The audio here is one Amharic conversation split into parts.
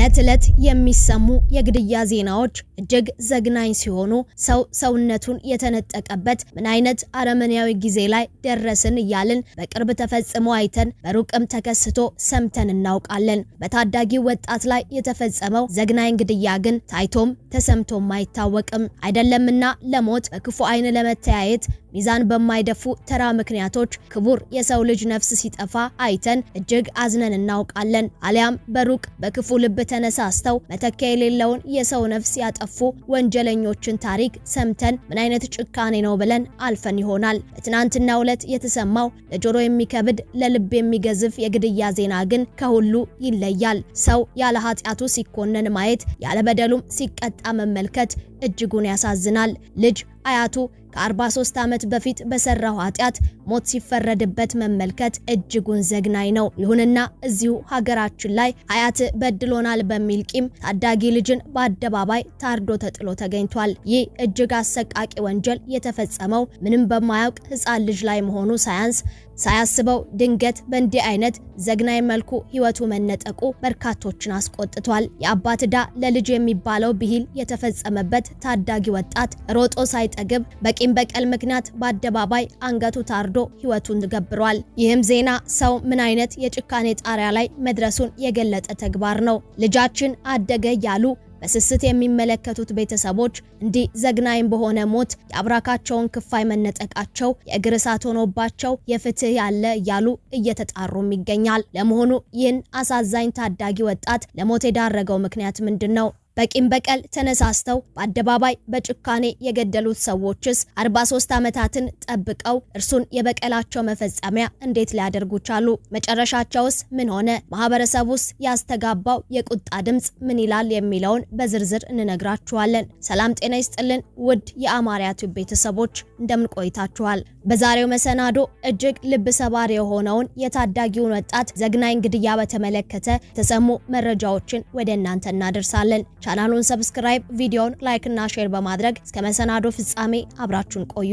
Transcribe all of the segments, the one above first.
ዕለት ዕለት የሚሰሙ የግድያ ዜናዎች እጅግ ዘግናኝ ሲሆኑ ሰው ሰውነቱን የተነጠቀበት ምን አይነት አረመኔያዊ ጊዜ ላይ ደረስን እያልን በቅርብ ተፈጽሞ አይተን በሩቅም ተከስቶ ሰምተን እናውቃለን። በታዳጊ ወጣት ላይ የተፈጸመው ዘግናኝ ግድያ ግን ታይቶም ተሰምቶም አይታወቅም። አይደለምና ለሞት በክፉ አይን ለመተያየት ሚዛን በማይደፉ ተራ ምክንያቶች ክቡር የሰው ልጅ ነፍስ ሲጠፋ አይተን እጅግ አዝነን እናውቃለን። አሊያም በሩቅ በክፉ ልብ ተነሳስተው መተኪያ የሌለውን የሰው ነፍስ ያጠፉ ወንጀለኞችን ታሪክ ሰምተን ምን አይነት ጭካኔ ነው ብለን አልፈን ይሆናል። በትናንትናው ዕለት የተሰማው ለጆሮ የሚከብድ ለልብ የሚገዝፍ የግድያ ዜና ግን ከሁሉ ይለያል። ሰው ያለ ኃጢአቱ ሲኮነን ማየት፣ ያለ በደሉም ሲቀጣ መመልከት እጅጉን ያሳዝናል። ልጅ አያቱ ከ43 ዓመት በፊት በሰራው ኃጢአት ሞት ሲፈረድበት መመልከት እጅጉን ዘግናኝ ነው። ይሁንና እዚሁ ሀገራችን ላይ አያት በድሎናል በሚል ቂም ታዳጊ ልጅን በአደባባይ ታርዶ ተጥሎ ተገኝቷል። ይህ እጅግ አሰቃቂ ወንጀል የተፈጸመው ምንም በማያውቅ ሕፃን ልጅ ላይ መሆኑ ሳያንስ ሳያስበው ድንገት በእንዲህ አይነት ዘግናይ መልኩ ህይወቱ መነጠቁ በርካቶችን አስቆጥቷል። የአባት ዕዳ ለልጅ የሚባለው ብሂል የተፈጸመበት ታዳጊ ወጣት ሮጦ ሳይጠግብ በቂም በቀል ምክንያት በአደባባይ አንገቱ ታርዶ ህይወቱን ገብሯል። ይህም ዜና ሰው ምን አይነት የጭካኔ ጣሪያ ላይ መድረሱን የገለጠ ተግባር ነው። ልጃችን አደገ እያሉ በስስት የሚመለከቱት ቤተሰቦች እንዲህ ዘግናኝ በሆነ ሞት የአብራካቸውን ክፋይ መነጠቃቸው የእግር እሳት ሆኖባቸው የፍትህ ያለ እያሉ እየተጣሩም ይገኛል። ለመሆኑ ይህን አሳዛኝ ታዳጊ ወጣት ለሞት የዳረገው ምክንያት ምንድን ነው? በቂም በቀል ተነሳስተው በአደባባይ በጭካኔ የገደሉት ሰዎችስ 43 ዓመታትን ጠብቀው እርሱን የበቀላቸው መፈጸሚያ እንዴት ሊያደርጉ ቻሉ? መጨረሻቸውስ ምን ሆነ? ማህበረሰቡስ ያስተጋባው የቁጣ ድምፅ ምን ይላል? የሚለውን በዝርዝር እንነግራችኋለን። ሰላም ጤና ይስጥልን ውድ የአማርያ ቲዩብ ቤተሰቦች እንደምን ቆይታችኋል? በዛሬው መሰናዶ እጅግ ልብ ሰባሪ የሆነውን የታዳጊውን ወጣት ዘግናኝ ግድያ በተመለከተ የተሰሙ መረጃዎችን ወደ እናንተ እናደርሳለን። ቻናሉን ሰብስክራይብ፣ ቪዲዮውን ላይክና ሼር በማድረግ እስከ መሰናዶ ፍጻሜ አብራችሁን ቆዩ።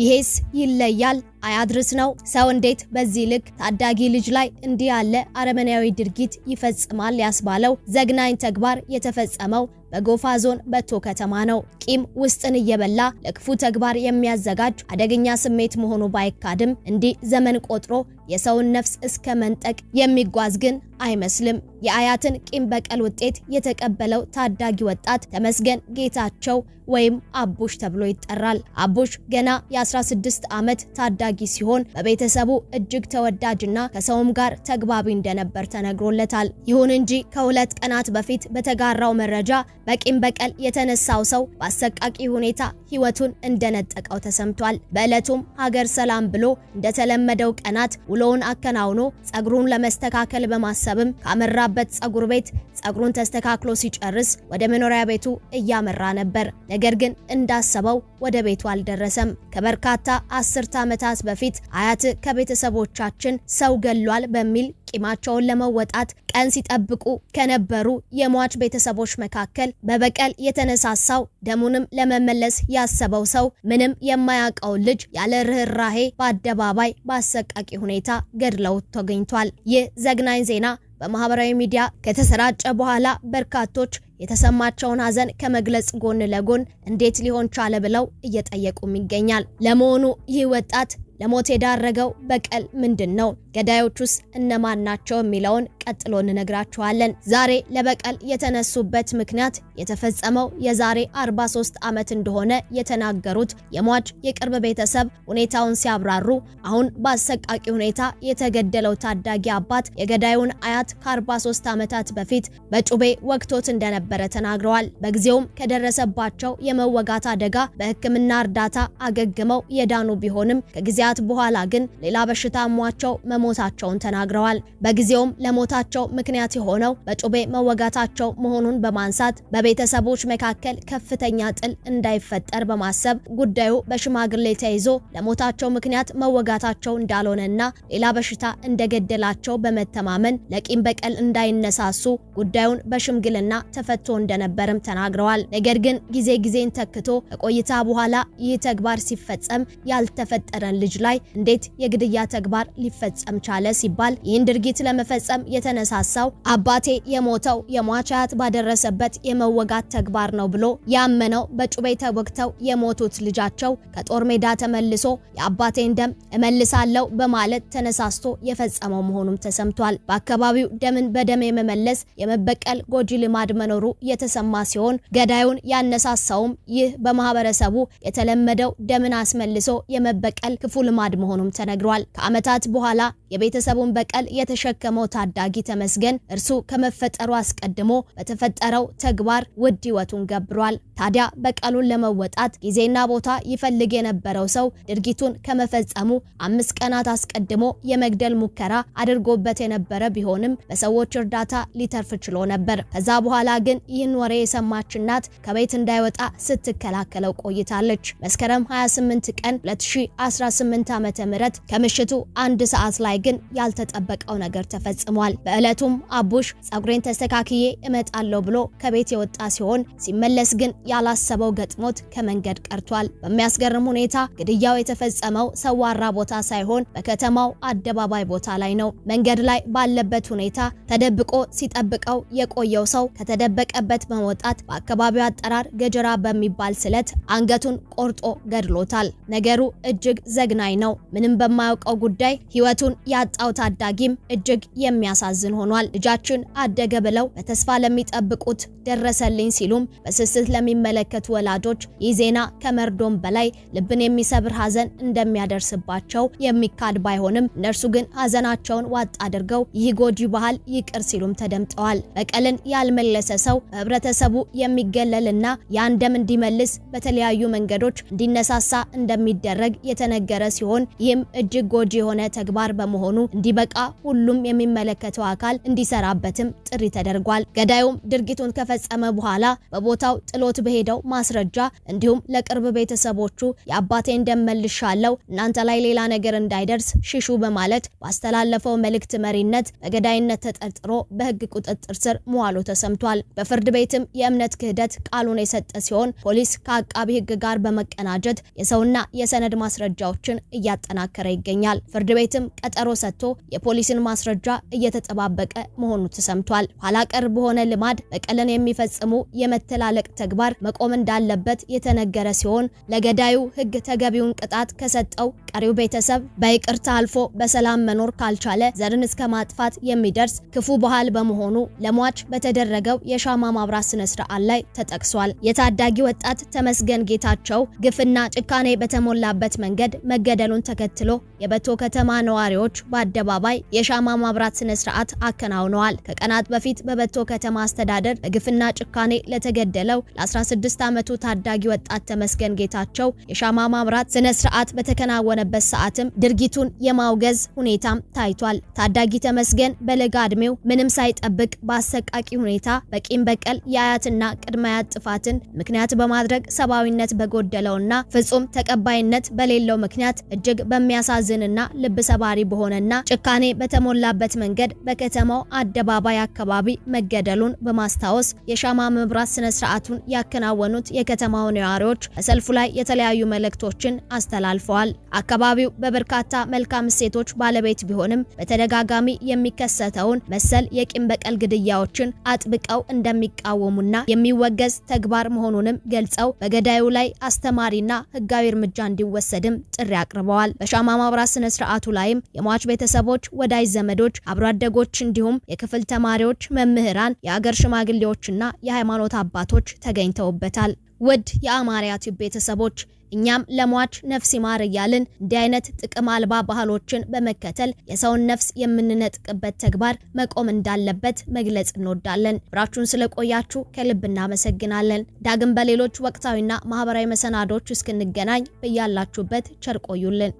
ይሄስ ይለያል አያድርስ ነው። ሰው እንዴት በዚህ ልክ ታዳጊ ልጅ ላይ እንዲህ ያለ አረመናዊ ድርጊት ይፈጽማል ያስባለው ዘግናኝ ተግባር የተፈጸመው በጎፋ ዞን በቶ ከተማ ነው። ቂም ውስጥን እየበላ ለክፉ ተግባር የሚያዘጋጅ አደገኛ ስሜት መሆኑ ባይካድም እንዲህ ዘመን ቆጥሮ የሰውን ነፍስ እስከ መንጠቅ የሚጓዝ ግን አይመስልም። የአያትን ቂም በቀል ውጤት የተቀበለው ታዳጊ ወጣት ተመስገን ጌታቸው ወይም አቡሽ ተብሎ ይጠራል። አቡሽ ገና የ16 ዓመት ታዳጊ ሲሆን በቤተሰቡ እጅግ ተወዳጅና ከሰውም ጋር ተግባቢ እንደነበር ተነግሮለታል። ይሁን እንጂ ከሁለት ቀናት በፊት በተጋራው መረጃ በቂም በቀል የተነሳው ሰው በአሰቃቂ ሁኔታ ሕይወቱን እንደነጠቀው ተሰምቷል። በዕለቱም ሀገር ሰላም ብሎ እንደተለመደው ቀናት ውሎውን አከናውኖ ጸጉሩን ለመስተካከል በማሰብም ካመራበት ጸጉር ቤት ጸጉሩን ተስተካክሎ ሲጨርስ ወደ መኖሪያ ቤቱ እያመራ ነበር። ነገር ግን እንዳሰበው ወደ ቤቱ አልደረሰም። ከበርካታ አስርት ዓመታት በፊት አያት ከቤተሰቦቻችን ሰው ገሏል በሚል ቂማቸውን ለመወጣት ቀን ሲጠብቁ ከነበሩ የሟች ቤተሰቦች መካከል በበቀል የተነሳሳው ደሙንም ለመመለስ ያሰበው ሰው ምንም የማያውቀውን ልጅ ያለ ርኅራሄ በአደባባይ በአሰቃቂ ሁኔታ ገድለው ተገኝቷል። ይህ ዘግናኝ ዜና በማህበራዊ ሚዲያ ከተሰራጨ በኋላ በርካቶች የተሰማቸውን ሀዘን ከመግለጽ ጎን ለጎን እንዴት ሊሆን ቻለ ብለው እየጠየቁም ይገኛል። ለመሆኑ ይህ ወጣት ለሞት የዳረገው በቀል ምንድን ነው? ገዳዮቹስ እነማን ናቸው? የሚለውን ቀጥሎ እንነግራችኋለን። ዛሬ ለበቀል የተነሱበት ምክንያት የተፈጸመው የዛሬ 43 ዓመት እንደሆነ የተናገሩት የሟች የቅርብ ቤተሰብ ሁኔታውን ሲያብራሩ አሁን በአሰቃቂ ሁኔታ የተገደለው ታዳጊ አባት የገዳዩን አያት ከ43 ዓመታት በፊት በጩቤ ወግቶት እንደነበረ ተናግረዋል። በጊዜውም ከደረሰባቸው የመወጋት አደጋ በሕክምና እርዳታ አገግመው የዳኑ ቢሆንም ከጊዜያት ከወራት በኋላ ግን ሌላ በሽታ አሟቸው መሞታቸውን ተናግረዋል። በጊዜውም ለሞታቸው ምክንያት የሆነው በጩቤ መወጋታቸው መሆኑን በማንሳት በቤተሰቦች መካከል ከፍተኛ ጥል እንዳይፈጠር በማሰብ ጉዳዩ በሽማግሌ ተይዞ ለሞታቸው ምክንያት መወጋታቸው እንዳልሆነና ሌላ በሽታ እንደገደላቸው በመተማመን ለቂም በቀል እንዳይነሳሱ ጉዳዩን በሽምግልና ተፈቶ እንደነበርም ተናግረዋል። ነገር ግን ጊዜ ጊዜን ተክቶ ከቆይታ በኋላ ይህ ተግባር ሲፈጸም ያልተፈጠረን ልጅ ልጅ ላይ እንዴት የግድያ ተግባር ሊፈጸም ቻለ ሲባል ይህን ድርጊት ለመፈጸም የተነሳሳው አባቴ የሞተው የሟቻት ባደረሰበት የመወጋት ተግባር ነው ብሎ ያመነው በጩቤ ተወግተው የሞቱት ልጃቸው ከጦር ሜዳ ተመልሶ የአባቴን ደም እመልሳለሁ በማለት ተነሳስቶ የፈጸመው መሆኑም ተሰምቷል። በአካባቢው ደምን በደም የመመለስ የመበቀል ጎጂ ልማድ መኖሩ የተሰማ ሲሆን ገዳዩን ያነሳሳውም ይህ በማህበረሰቡ የተለመደው ደምን አስመልሶ የመበቀል ክፉ ልማድ መሆኑም ተነግሯል። ከዓመታት በኋላ የቤተሰቡን በቀል የተሸከመው ታዳጊ ተመስገን እርሱ ከመፈጠሩ አስቀድሞ በተፈጠረው ተግባር ውድ ህይወቱን ገብሯል። ታዲያ በቀሉን ለመወጣት ጊዜና ቦታ ይፈልግ የነበረው ሰው ድርጊቱን ከመፈጸሙ አምስት ቀናት አስቀድሞ የመግደል ሙከራ አድርጎበት የነበረ ቢሆንም በሰዎች እርዳታ ሊተርፍ ችሎ ነበር። ከዛ በኋላ ግን ይህን ወሬ የሰማች እናት ከቤት እንዳይወጣ ስትከላከለው ቆይታለች። መስከረም 28 ቀን 2018 2018 ዓመተ ምህረት ከምሽቱ አንድ ሰዓት ላይ ግን ያልተጠበቀው ነገር ተፈጽሟል። በዕለቱም አቡሽ ጸጉሬን ተስተካክዬ እመጣለሁ ብሎ ከቤት የወጣ ሲሆን ሲመለስ ግን ያላሰበው ገጥሞት ከመንገድ ቀርቷል። በሚያስገርም ሁኔታ ግድያው የተፈጸመው ሰዋራ ቦታ ሳይሆን በከተማው አደባባይ ቦታ ላይ ነው። መንገድ ላይ ባለበት ሁኔታ ተደብቆ ሲጠብቀው የቆየው ሰው ከተደበቀበት በመውጣት በአካባቢው አጠራር ገጀራ በሚባል ስለት አንገቱን ቆርጦ ገድሎታል። ነገሩ እጅግ ዘግና ዘግናኝ ነው። ምንም በማያውቀው ጉዳይ ህይወቱን ያጣው ታዳጊም እጅግ የሚያሳዝን ሆኗል። ልጃችን አደገ ብለው በተስፋ ለሚጠብቁት ደረሰልኝ ሲሉም በስስት ለሚመለከቱ ወላጆች ይህ ዜና ከመርዶም በላይ ልብን የሚሰብር ሀዘን እንደሚያደርስባቸው የሚካድ ባይሆንም እነርሱ ግን ሀዘናቸውን ዋጥ አድርገው ይህ ጎጂ ባህል ይቅር ሲሉም ተደምጠዋል። በቀልን ያልመለሰ ሰው በህብረተሰቡ የሚገለልና ያን ደም እንዲመልስ በተለያዩ መንገዶች እንዲነሳሳ እንደሚደረግ የተነገረ ሲሆን ይህም እጅግ ጎጂ የሆነ ተግባር በመሆኑ እንዲበቃ ሁሉም የሚመለከተው አካል እንዲሰራበትም ጥሪ ተደርጓል። ገዳዩም ድርጊቱን ከፈጸመ በኋላ በቦታው ጥሎት በሄደው ማስረጃ እንዲሁም ለቅርብ ቤተሰቦቹ የአባቴን ደም መልሻለሁ፣ እናንተ ላይ ሌላ ነገር እንዳይደርስ ሽሹ በማለት ባስተላለፈው መልእክት መሪነት በገዳይነት ተጠርጥሮ በህግ ቁጥጥር ስር መዋሉ ተሰምቷል። በፍርድ ቤትም የእምነት ክህደት ቃሉን የሰጠ ሲሆን ፖሊስ ከአቃቢ ህግ ጋር በመቀናጀት የሰውና የሰነድ ማስረጃዎችን እያጠናከረ ይገኛል። ፍርድ ቤትም ቀጠሮ ሰጥቶ የፖሊስን ማስረጃ እየተጠባበቀ መሆኑ ተሰምቷል። ኋላ ቀር በሆነ ልማድ በቀልን የሚፈጽሙ የመተላለቅ ተግባር መቆም እንዳለበት የተነገረ ሲሆን ለገዳዩ ሕግ ተገቢውን ቅጣት ከሰጠው ቀሪው ቤተሰብ በይቅርታ አልፎ በሰላም መኖር ካልቻለ ዘርን እስከ ማጥፋት የሚደርስ ክፉ ባህል በመሆኑ ለሟች በተደረገው የሻማ ማብራት ስነ ስርዓት ላይ ተጠቅሷል። የታዳጊ ወጣት ተመስገን ጌታቸው ግፍና ጭካኔ በተሞላበት መንገድ መገ መገደሉን ተከትሎ የበቶ ከተማ ነዋሪዎች በአደባባይ የሻማ ማብራት ስነ ስርዓት አከናውነዋል። ከቀናት በፊት በበቶ ከተማ አስተዳደር በግፍና ጭካኔ ለተገደለው ለ16 ዓመቱ ታዳጊ ወጣት ተመስገን ጌታቸው የሻማ ማብራት ስነ ስርዓት በተከናወነበት ሰዓትም ድርጊቱን የማውገዝ ሁኔታም ታይቷል። ታዳጊ ተመስገን በለጋ እድሜው ምንም ሳይጠብቅ በአሰቃቂ ሁኔታ በቂም በቀል የአያትና ቅድመ አያት ጥፋትን ምክንያት በማድረግ ሰብአዊነት በጎደለውና ፍጹም ተቀባይነት በሌለው ምክንያት እጅግ በሚያሳዝንና ልብ ሰባሪ በሆነና ጭካኔ በተሞላበት መንገድ በከተማው አደባባይ አካባቢ መገደሉን በማስታወስ የሻማ መብራት ስነ ስርዓቱን ያከናወኑት የከተማው ነዋሪዎች በሰልፉ ላይ የተለያዩ መልእክቶችን አስተላልፈዋል። አካባቢው በበርካታ መልካም እሴቶች ባለቤት ቢሆንም በተደጋጋሚ የሚከሰተውን መሰል የቂም በቀል ግድያዎችን አጥብቀው እንደሚቃወሙና የሚወገዝ ተግባር መሆኑንም ገልጸው በገዳዩ ላይ አስተማሪና ሕጋዊ እርምጃ እንዲወሰድም ጥሪ አቅርበዋል። በሻማ ማብራት ስነ ስርዓቱ ላይም የሟች ቤተሰቦች፣ ወዳጅ ዘመዶች፣ አብሮ አደጎች እንዲሁም የክፍል ተማሪዎች፣ መምህራን፣ የአገር ሽማግሌዎችና የሃይማኖት አባቶች ተገኝተውበታል። ውድ የአማርያ ቲዩብ ቤተሰቦች እኛም ለሟች ነፍስ ይማር እያልን እንዲህ አይነት ጥቅም አልባ ባህሎችን በመከተል የሰውን ነፍስ የምንነጥቅበት ተግባር መቆም እንዳለበት መግለጽ እንወዳለን። ብራችሁን ስለቆያችሁ ከልብ እናመሰግናለን። ዳግም በሌሎች ወቅታዊና ማህበራዊ መሰናዶች እስክንገናኝ በያላችሁበት ቸር ቆዩልን።